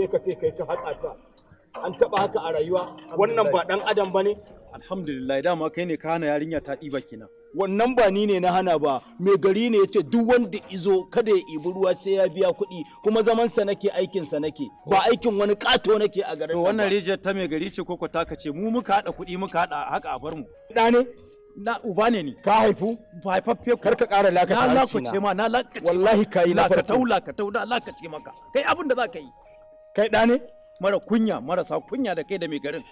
sai ka ce kai ka haɗa ta an taɓa haka a rayuwa wannan ba ɗan adam ba ne alhamdulillah dama kai ne ka hana yarinya ta ɗiba kenan wannan ba ni ne na hana ba mai gari ne yace duk wanda izo kada ya ibi ruwa sai ya biya kuɗi kuma zaman sa nake aikin sa nake ba aikin wani kato nake a garin wannan rijiyar ta mai gari ce koko taka ce mu muka hada kuɗi muka hada haka a bar mu da ne na uba ne ni ka haifu ba haifaffe kar ka ƙara lakata na lakace ma na lakace wallahi kai na farko lakatau lakatau na lakace maka kai abin da za ka yi kai ɗa ne mara kunya marasa kunya da kai da mai garin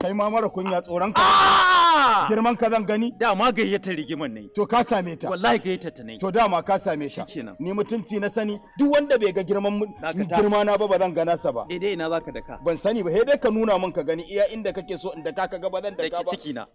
kai ma mara kunya tsoron ka ah! girman ka zan gani da ma gayyata rigiman ne to ka same ta wallahi gayyata ta ne to da ma ka same shi ni mutunci na sani duk wanda bai ga girman girma na ba ba zan gana sa ba daidai dai ina zaka da ka ban sani ba sai dai ka nuna min ka gani iya inda kake so inda ka ga ba zan da ka ba ciki na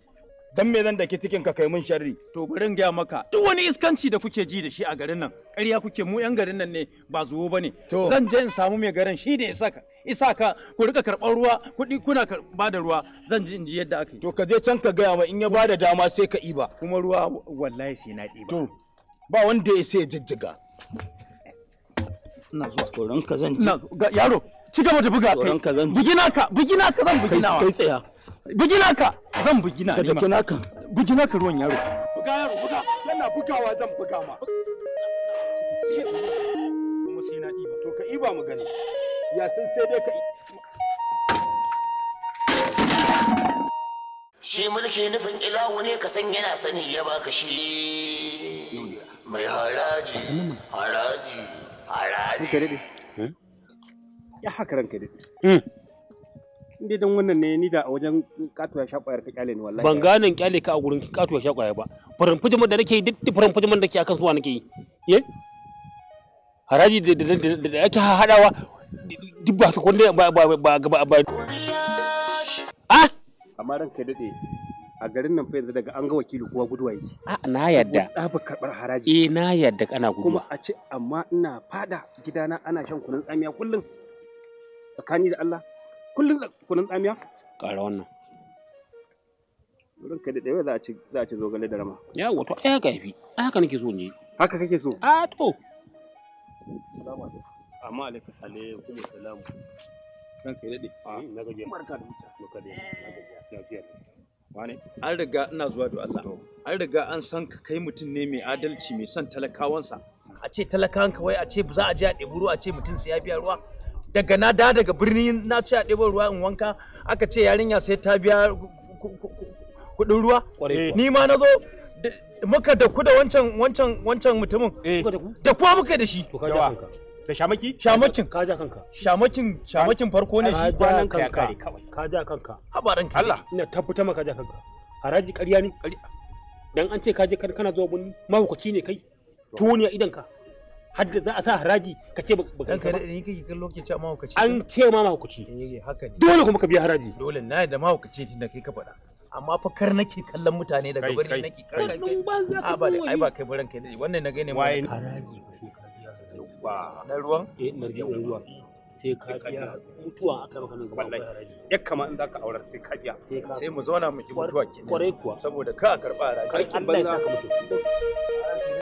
dan me zan daki tikin ka kai mun sharri to bari gaya maka duk wani iskanci da kuke ji da shi a garin nan ƙarya kuke mu yan garin nan ne ba zuwo bane zan je in samu mai garin shi da isaka isaka ku rika karɓar ruwa kuɗi kuna ba da ruwa zan ji in ji yadda aka yi to ka je can ka gaya ma in ya ba da dama sai ka iba kuma ruwa wallahi sai na ɗiba to ba wanda ya sai jijjiga ina zuwa tsoron ka zan ji yaro ci gaba da buga kai bugina ka bugina ka zan bugina kai tsaya bugina zan bugi na ma ka naka bugina ruwan yaro buga yaro buga yana bugawa zan buga ma kuma sai na iba to ka iba mu gani ya san sai dai ka shi mulki nufin ilahu ne ka san yana sani ya baka shi mai haraji haraji haraji ya haka ranka dai inda dan wannan ne ni da a wajen katuwa sha kwayar ka kyale ne wallahi ban ganin kyale ka a gurin katuwa sha kwaya ba furin fujiman da nake duk furin fujiman da ke akan suwa nake yi ye eh? haraji da da ake hadawa duk ba su kwanda ba ba ba ba ba ah amma ran kai dade a garin nan fa yanzu daga an ga wakili kowa guduwa yi a na yadda ba karbar haraji eh na yadda kana guduwa kuma a ce amma ina fada gidana ana shan kunun tsamiya kullum tsakani da Allah kullum kunun tsamiya ƙara wannan wurin ka daɗe za a ci a ci zogale da rama ya wato ai haka yafi haka nake so ne haka kake so a ah, to amma alaikum kuma salamu daɗe ah, na gaje barka da mutum na gaje na gaje wane an riga ina zuwa da Allah an riga an san ka kai mutum ne mai adalci mai son talakawansa a ce talakawan kawai a ce za a je a ɗebi ruwa a ce mutum sai ya biya ruwa daga na da daga birni na ce a ɗebo ruwa in wanka aka ce yarinya sai ta biya kuɗin ruwa ni ma na zo muka da ku da wancan wancan wancan mutumin da eh. kuwa muka da shi da shamaki shamakin ka ja kanka shamakin shamakin farko ne shi nan kanka ka ja kanka habaran ka Allah ina tabbata maka ja kanka haraji ƙarya ne dan an ce ka je kana zuwa bunni mahaukaci ne kai tuniya ne idan ka Hadda da za a sa haraji ka ce ba ka ba ni kake kallo ke ce ma hukaci an ce ma hukaci eh, eh haka ne dole kuma ka biya haraji dole na da ma hukaci tunda kai ka faɗa amma fa kar nake kallon mutane daga bari nake kallon. kai a ba ai ba kai baran kai dai wannan na gane mu haraji ba sai ka biya yawa na ruwan eh na ruwan sai ka biya mutuwa aka maka nan gaba haraji ya kama in zaka aurar sai ka biya sai mu zauna mu ki mutuwa kenan kwarai kuwa saboda ka karba haraji kar kin banza ka mutu